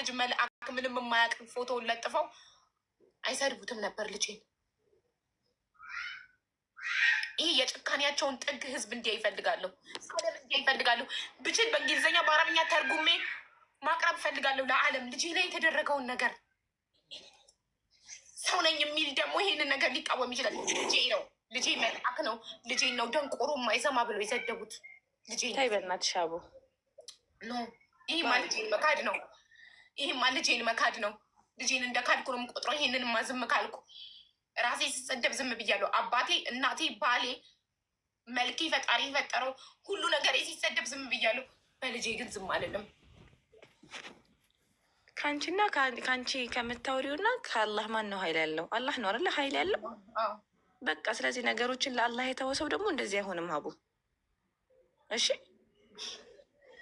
ልጅ መልአክ ምንም የማያውቅ ፎቶውን ለጥፈው አይሰድቡትም ነበር ልጄን። ይህ የጭካኔያቸውን ጥግ ህዝብ እንዲያ ይፈልጋለሁ፣ ዓለም እንዲያ ይፈልጋለሁ። ብችል በእንግሊዝኛ በአረብኛ ተርጉሜ ማቅረብ እፈልጋለሁ ለዓለም ልጄ ላይ የተደረገውን ነገር። ሰው ነኝ የሚል ደግሞ ይሄንን ነገር ሊቃወም ይችላል። ልጄ ነው፣ ልጄ መልአክ ነው፣ ልጄ ነው ደንቆሮ ማይሰማ ብለው የዘደቡት ልጄ። ተይ በእናትሽ ይህ ማለት መካድ ነው። ይሄማ ልጄን መካድ ነው። ልጄን እንደ ካድኩ ነው የምቆጥረው። ይሄንንማ ዝም ካልኩ ራሴ ስሰደብ ዝም ብያለሁ። አባቴ፣ እናቴ፣ ባሌ፣ መልኬ ፈጣሪ የፈጠረው ሁሉ ነገር ሲሰደብ ዝም ብያለሁ። በልጄ ግን ዝም አልልም። ከአንቺና ከአንቺ ከምታወሪውና ከአላህ ማን ነው ሀይል ያለው? አላህ ነው አለ ሀይል ያለው። በቃ ስለዚህ ነገሮችን ለአላህ የተወሰው ደግሞ እንደዚህ አይሆንም። አቡ እሺ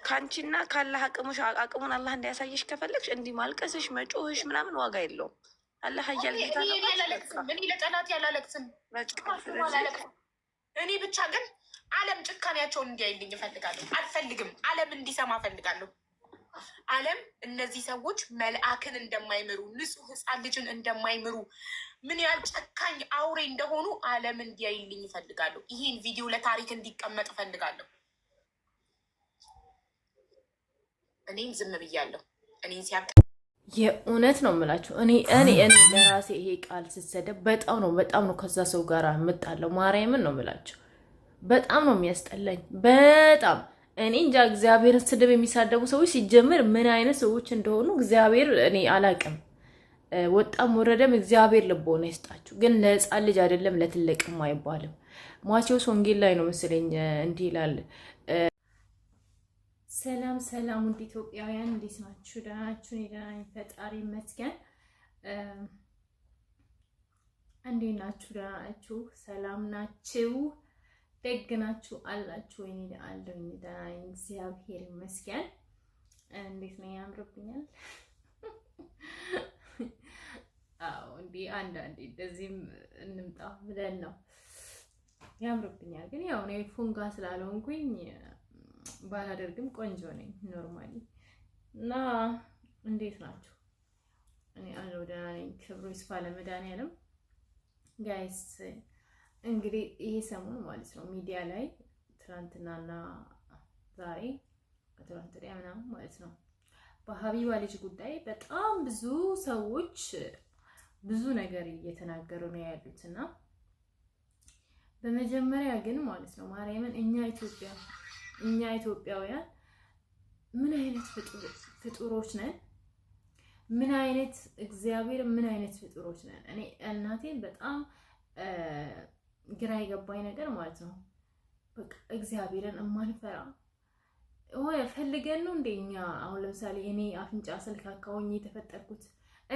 ከአንቺና ካላህ አቅሙሽ አቅሙን አላህ እንዳያሳየሽ ከፈለግሽ እንዲህ ማልቀስሽ መጮህሽ ምናምን ዋጋ የለውም። አላህ አያል ጌታ ነው። እኔ ለጠላት ያላለቅስም እኔ ብቻ ግን ዓለም ጭካኔያቸውን እንዲያይልኝ እፈልጋለሁ። አልፈልግም ዓለም እንዲሰማ እፈልጋለሁ። ዓለም እነዚህ ሰዎች መልአክን እንደማይምሩ ንጹህ ሕፃን ልጅን እንደማይምሩ ምን ያህል ጨካኝ አውሬ እንደሆኑ ዓለም እንዲያይልኝ እፈልጋለሁ። ይህን ቪዲዮ ለታሪክ እንዲቀመጥ እፈልጋለሁ። እኔም ዝም ብያለሁ። እኔን ሲያቅ የእውነት ነው የምላችሁ። እኔ እኔ እኔ ለራሴ ይሄ ቃል ስሰደብ በጣም ነው በጣም ነው ከዛ ሰው ጋር የምጣለው። ማርያምን ነው የምላችሁ። በጣም ነው የሚያስጠላኝ። በጣም እኔ እንጃ እግዚአብሔርን ስድብ የሚሳደቡ ሰዎች ሲጀምር ምን አይነት ሰዎች እንደሆኑ እግዚአብሔር እኔ አላቅም። ወጣም ወረደም እግዚአብሔር ልቦና ይስጣችሁ። ግን ለህፃን ልጅ አይደለም ለትልቅም አይባልም። ማቴዎስ ወንጌል ላይ ነው መሰለኝ እንዲህ ይላል ሰላም ሰላም፣ ውድ ኢትዮጵያውያን እንዴት ናችሁ? ደህና ናችሁ? እኔ ደህና ነኝ፣ ፈጣሪ ይመስገን። እንዴት ናችሁ? ደህና ናችሁ? ሰላም ናችሁ? ደግ ናችሁ አላችሁ? ወይኔ አለሁኝ፣ ደህና ነኝ፣ እግዚአብሔር ይመስገን። እንዴት ነው? ያምርብኛል። አዎ፣ እንዲህ አንዳንዴ እንደዚህም እንምጣ ብለን ነው ያምርብኛል። ግን ያው እኔ ፉንጋ ስላልሆንኩኝ ባላደርግም ቆንጆ ነኝ ኖርማሊ። እና እንዴት ናችሁ? እኔ አለው ደህና ነኝ። ክብሩ ይስፋ ለመድኃኒዓለም። ጋይስ እንግዲህ ይሄ ሰሞን ማለት ነው ሚዲያ ላይ ትናንትናና ዛሬ ከትናንት ወዲያ ምናምን ማለት ነው በሀቢባ ልጅ ጉዳይ በጣም ብዙ ሰዎች ብዙ ነገር እየተናገሩ ነው ያሉት እና በመጀመሪያ ግን ማለት ነው ማርያምን እኛ ኢትዮጵያ እኛ ኢትዮጵያውያን ምን አይነት ፍጡሮች ነን? ምን አይነት እግዚአብሔር ምን አይነት ፍጡሮች ነን? እኔ እናቴን በጣም ግራ የገባኝ ነገር ማለት ነው በቃ እግዚአብሔርን እማንፈራ ሆነ ፈልገን ነው እንደ እኛ አሁን ለምሳሌ እኔ አፍንጫ ስልክ ሆኜ የተፈጠርኩት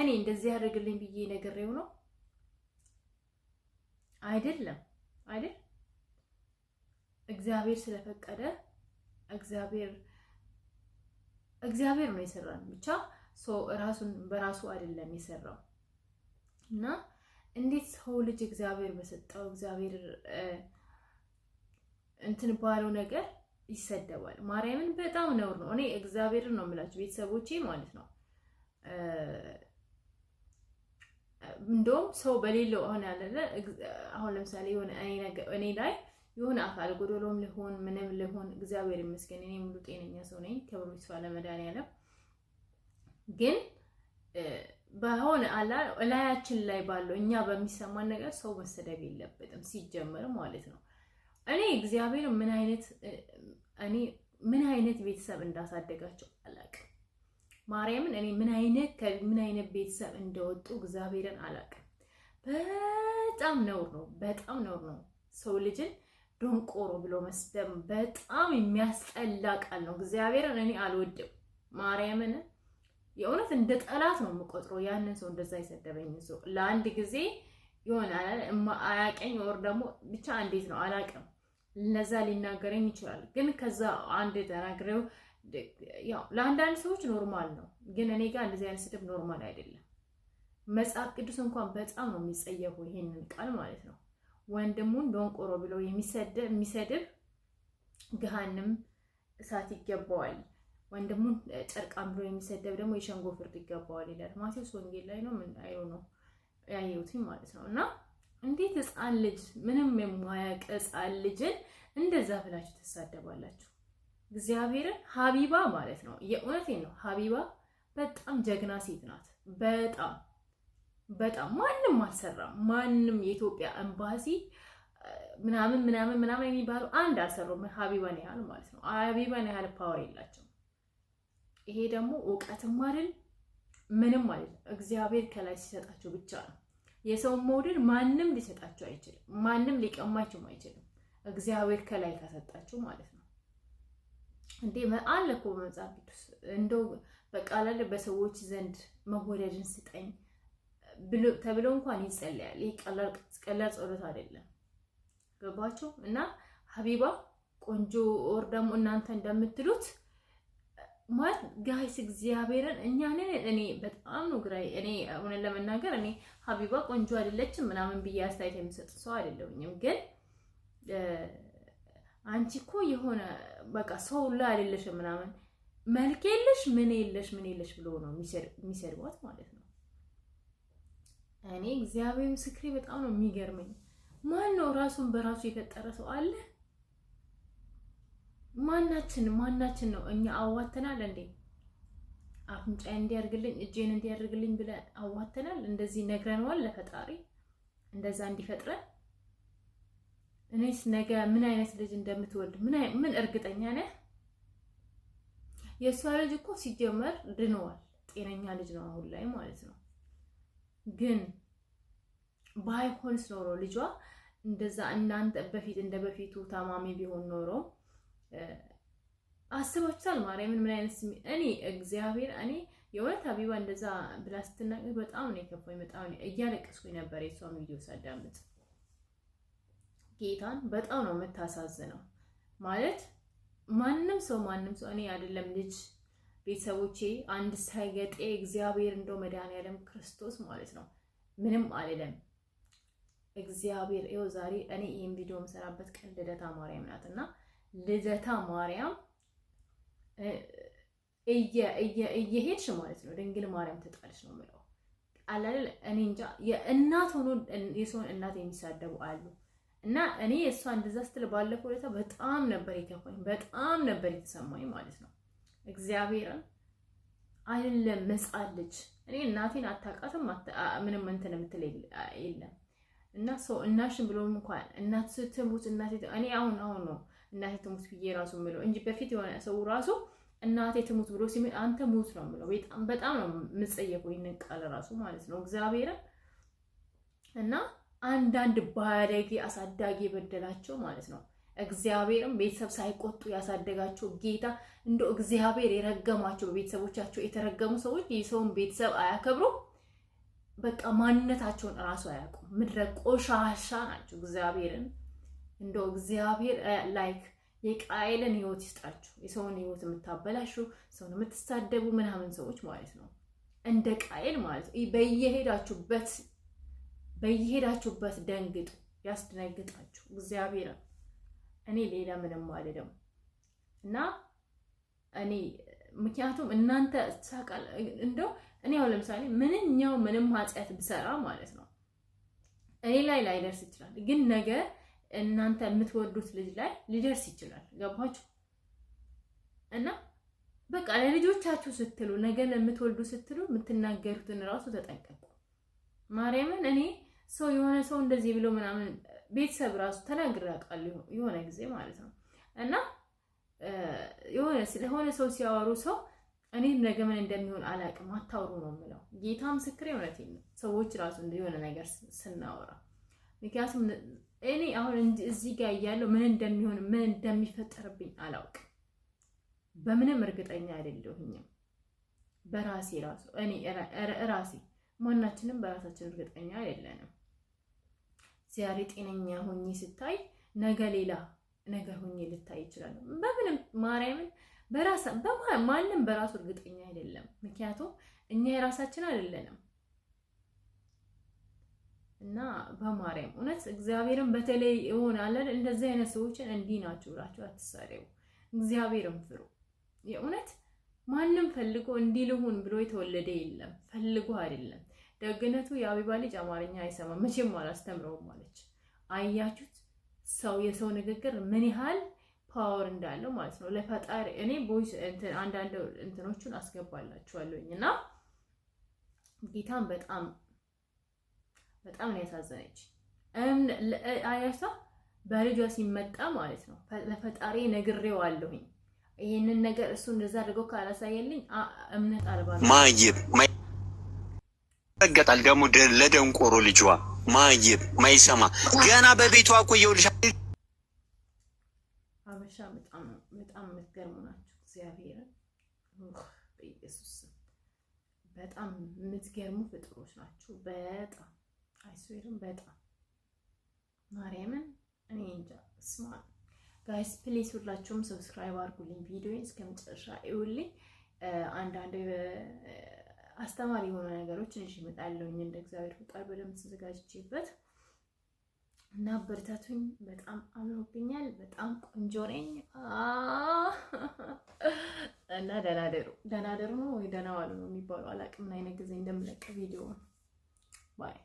እኔ እንደዚህ ያደርግልኝ ብዬ ነግሬው ነው አይደለም አይደል? እግዚአብሔር ስለፈቀደ እግዚአብሔር እግዚአብሔር ነው የሰራን ብቻ ሰው ራሱን በራሱ አይደለም የሰራው እና እንዴት ሰው ልጅ እግዚአብሔር በሰጠው እግዚአብሔር እንትን ባለው ነገር ይሰደባል። ማርያምን በጣም ነውር ነው። እኔ እግዚአብሔርን ነው የምላችሁ ቤተሰቦቼ ማለት ነው። እንደውም ሰው በሌለው አሁን ያለ አሁን ለምሳሌ የሆነ እኔ ላይ ይሁን አካል ጎደሎም ልሆን ምንም ልሆን እግዚአብሔር ይመስገን እኔ ሙሉ ጤነኛ ሰው ነኝ። ክብሩ ይስፋ ለመድኃኒዓለም። ግን በሆነ አላ እላያችን ላይ ባለው እኛ በሚሰማን ነገር ሰው መሰደብ የለበትም ሲጀመር ማለት ነው። እኔ እግዚአብሔር ምን አይነት እኔ ምን አይነት ቤተሰብ እንዳሳደጋቸው አላቅም። ማርያምን እኔ ምን አይነት ከምን አይነት ቤተሰብ እንደወጡ እግዚአብሔርን አላቅም። በጣም ነውር ነው፣ በጣም ነውር ነው ሰው ልጅን ደንቆሮ ብሎ መስደም በጣም የሚያስጠላ ቃል ነው። እግዚአብሔርን እኔ አልወድም። ማርያምን የእውነት እንደ ጠላት ነው የምቆጥረው ያንን ሰው እንደዛ የሰደበኝ ሰው ለአንድ ጊዜ የሆነ አያቀኝ ወር ደግሞ ብቻ እንዴት ነው አላቅም። ለዛ ሊናገረኝ ይችላል። ግን ከዛ አንድ ተናግረው ለአንዳንድ ሰዎች ኖርማል ነው፣ ግን እኔ ጋር እንደዚህ አይነት ስድብ ኖርማል አይደለም። መጽሐፍ ቅዱስ እንኳን በጣም ነው የሚጸየፈው ይሄንን ቃል ማለት ነው። ወንድሙን ዶንቆሮ ብለው የሚሰድብ ገሃንም እሳት ይገባዋል። ወንድሙን ጨርቃም ብሎ የሚሰደብ ደግሞ የሸንጎ ፍርድ ይገባዋል ይላል። ማቴዎስ ወንጌል ላይ ነው ምን ነው ያየሁትኝ ማለት ነው። እና እንዴት ህፃን ልጅ ምንም የማያውቅ ህፃን ልጅን እንደዛ ብላችሁ ትሳደባላችሁ? እግዚአብሔርን ሀቢባ ማለት ነው። የእውነቴን ነው። ሀቢባ በጣም ጀግና ሴት ናት። በጣም በጣም ማንም አልሰራም። ማንም የኢትዮጵያ ኤምባሲ ምናምን ምናምን ምናምን የሚባለው አንድ አልሰሩም፣ ሀቢባን ያህል ማለት ነው። ሀቢባን ያህል ፓወር የላቸው። ይሄ ደግሞ እውቀትም አይደል ምንም አይደል፣ እግዚአብሔር ከላይ ሲሰጣቸው ብቻ ነው። የሰው መውደድ ማንም ሊሰጣቸው አይችልም፣ ማንም ሊቀማቸውም አይችልም። እግዚአብሔር ከላይ ከሰጣቸው ማለት ነው። እንዴ አለ እኮ ቅዱስ እንደው በቃ በሰዎች ዘንድ መወደድን ስጠኝ ተብሎ እንኳን ይጸለያል። ይህ ቀላል ጸሎት አይደለም። ገባችሁ? እና ሀቢባ ቆንጆ ወር ደግሞ እናንተ እንደምትሉት ማለት ጋይስ እግዚአብሔርን እኛ ነን። እኔ በጣም ነው ግራይ እኔ እውነት ለመናገር እኔ ሀቢባ ቆንጆ አይደለችም ምናምን ብዬ አስተያየት የምሰጥ ሰው አይደለሁኝም። ግን አንቺ እኮ የሆነ በቃ ሰው ላ አይደለሽም ምናምን መልክ የለሽ ምን የለሽ ምን የለሽ ብሎ ነው የሚሰድቧት ማለት ነው። እኔ እግዚአብሔር ምስክሬ በጣም ነው የሚገርመኝ። ማን ነው ራሱን በራሱ የፈጠረ ሰው አለ? ማናችን ማናችን ነው እኛ አዋተናል እንዴ? አፍንጫ እንዲያርግልኝ እጄን እንዲያርግልኝ ብለን አዋተናል? እንደዚህ ነግረነዋል ለፈጣሪ እንደዛ እንዲፈጥረን። እኔስ ነገ ምን አይነት ልጅ እንደምትወልድ ምን እርግጠኛ ነህ? የእሷ ልጅ እኮ ሲጀመር ድነዋል። ጤነኛ ልጅ ነው አሁን ላይ ማለት ነው። ግን ባይሆንስ ኖሮ ልጇ እንደዛ እናንተ በፊት እንደ በፊቱ ታማሚ ቢሆን ኖሮ አስባችሁታል? ማርያምን ምን አይነት ስሚ እኔ እግዚአብሔር እኔ የእውነት ሀቢባ እንደዛ ብላ ስትናገር በጣም ነው የከፋኝ። በጣም እያለቀስኩኝ ነበር የሷን ቪዲዮ ሳዳምጥ። ጌታን በጣም ነው የምታሳዝነው ማለት ማንም ሰው ማንም ሰው እኔ አይደለም ልጅ ቤተሰቦቼ አንድ ሳይገጤ እግዚአብሔር እንደው መድኃኒዓለም ክርስቶስ ማለት ነው ምንም አልልም። እግዚአብሔር ይኸው ዛሬ እኔ ይህን ቪዲዮ የምሰራበት ቀን ልደታ ማርያም ናት እና ልደታ ማርያም እየሄድሽ ማለት ነው ድንግል ማርያም ትጣልሽ ነው የምለው። አላልል እኔ እንጃ የእናት ሆኖ የሰውን እናት የሚሳደቡ አሉ። እና እኔ እሷ እንደዛ ስትል ባለፈው ሁኔታ በጣም ነበር የከፋኝ፣ በጣም ነበር የተሰማኝ ማለት ነው እግዚአብሔርን አይደለም መጻት ልጅ እኔ እናቴን አታውቃትም ምንም እንትን የምትል የለም እና ሰው እናሽን ብሎም እንኳን እናት ትሙት እናት እኔ አሁን አሁን ነው እናቴ ትሙት ብዬ ራሱ የምለው እንጂ በፊት የሆነ ሰው ራሱ እናቴ ትሙት ብሎ ሲሚል አንተ ሙት ነው ምለው። በጣም በጣም ነው የምጸየቁ ይህንን ቃል ራሱ ማለት ነው እግዚአብሔርን እና አንዳንድ ባለጌ አሳዳጊ የበደላቸው ማለት ነው እግዚአብሔርም ቤተሰብ ሳይቆጡ ያሳደጋቸው ጌታ እንደ እግዚአብሔር የረገማቸው በቤተሰቦቻቸው የተረገሙ ሰዎች የሰውን ቤተሰብ አያከብሩ፣ በቃ ማንነታቸውን እራሱ አያውቁም። ምድረ ቆሻሻ ናቸው። እግዚአብሔርን እንደ እግዚአብሔር ላይክ የቃየልን ህይወት ይስጣችሁ። የሰውን ህይወት የምታበላሹ ሰውን የምትሳደቡ ምናምን ሰዎች ማለት ነው፣ እንደ ቃየል ማለት ነው። በየሄዳችሁበት በየሄዳችሁበት ደንግጡ፣ ያስደነግጣችሁ እግዚአብሔርን እኔ ሌላ ምንም አልልም እና እኔ ምክንያቱም እናንተ ሳቃል እንደው እኔ አሁን ለምሳሌ ምንኛው ምንም ኃጢአት ብሰራ ማለት ነው እኔ ላይ ላይደርስ ይችላል፣ ግን ነገ እናንተ የምትወዱት ልጅ ላይ ሊደርስ ይችላል። ገባችሁ? እና በቃ ለልጆቻችሁ ስትሉ ነገ ለምትወልዱ ስትሉ የምትናገሩትን እራሱ ተጠንቀቁ። ማርያምን እኔ ሰው የሆነ ሰው እንደዚህ ብሎ ምናምን ቤተሰብ ራሱ ተናግሬ አውቃለሁ የሆነ ጊዜ ማለት ነው። እና የሆነ ሰው ሲያወሩ ሰው እኔም ነገ ምን እንደሚሆን አላውቅም አታውሩ ነው የምለው። ጌታ ምስክሬ እውነቴን ነው። ሰዎች ራሱ የሆነ ነገር ስናወራ ምክንያቱም እኔ አሁን እዚህ ጋር እያለሁ ምን እንደሚሆን ምን እንደሚፈጠርብኝ አላውቅም። በምንም እርግጠኛ አይደለሁኝም። በራሴ ራሱ እኔ ራሴ ማናችንም በራሳችን እርግጠኛ አይደለንም። ዛሬ ጤነኛ ሆኜ ስታይ ነገ ሌላ ነገር ሆኜ ልታይ ይችላል። በምንም ማርያምን በራሳ ማንም በራሱ እርግጠኛ አይደለም። ምክንያቱም እኛ የራሳችን አይደለንም እና በማርያም እውነት እግዚአብሔርን በተለይ ይሆናል እንደዚህ አይነት ሰዎችን እንዲህ ናቸው ብላችሁ አትሳሪው እግዚአብሔርን ፍሩ። የእውነት ማንም ፈልጎ እንዲህ ልሁን ብሎ የተወለደ የለም ፈልጎ አይደለም። ደግነቱ የአቢባ ልጅ አማርኛ አይሰማ መቼም አላስተምረውም አለች። አያችሁት ሰው የሰው ንግግር ምን ያህል ፓወር እንዳለው ማለት ነው። ለፈጣሪ እኔ ቦይስ አንዳንድ እንትኖቹን አስገባላችኋለሁኝ እና ጌታን በጣም በጣም ነው ያሳዘነች። አያቷ በልጇ ሲመጣ ማለት ነው ለፈጣሪ ነግሬው አለሁኝ ይህንን ነገር እሱ እንደዛ አድርገው ካላሳየልኝ እምነት አልባ ነው። ይረገጣል ደግሞ ለደንቆሮ ልጇ ማይብ ማይሰማ ገና በቤቷ እኮ የውልሻ አበሻ በጣም የምትገርሙ ናችሁ። እግዚአብሔርን በኢየሱስ በጣም የምትገርሙ ፍጥሮች ናቸው። በጣም አይስዌርን በጣም ማርያምን እኔ እንጃ ስማ ጋይስ ፕሌስ ሁላችሁም ሰብስክራይብ አድርጉልኝ፣ ቪዲዮን እስከመጨረሻ ይውልኝ አንዳንድ አስተማሪ የሆኑ ነገሮች ይዤ እመጣለሁ። እንደ እግዚአብሔር ፍቃድ በደንብ ተዘጋጅቼበት እና አበረታቱኝ። በጣም አምሮብኛል። በጣም ቆንጆ ነኝ እና ደናደሩ ደናደሩ ነው ወይ ደናዋሉ ነው የሚባለው። አላቅም ምን አይነት ጊዜ እንደምለቅ ቪዲዮ ባይ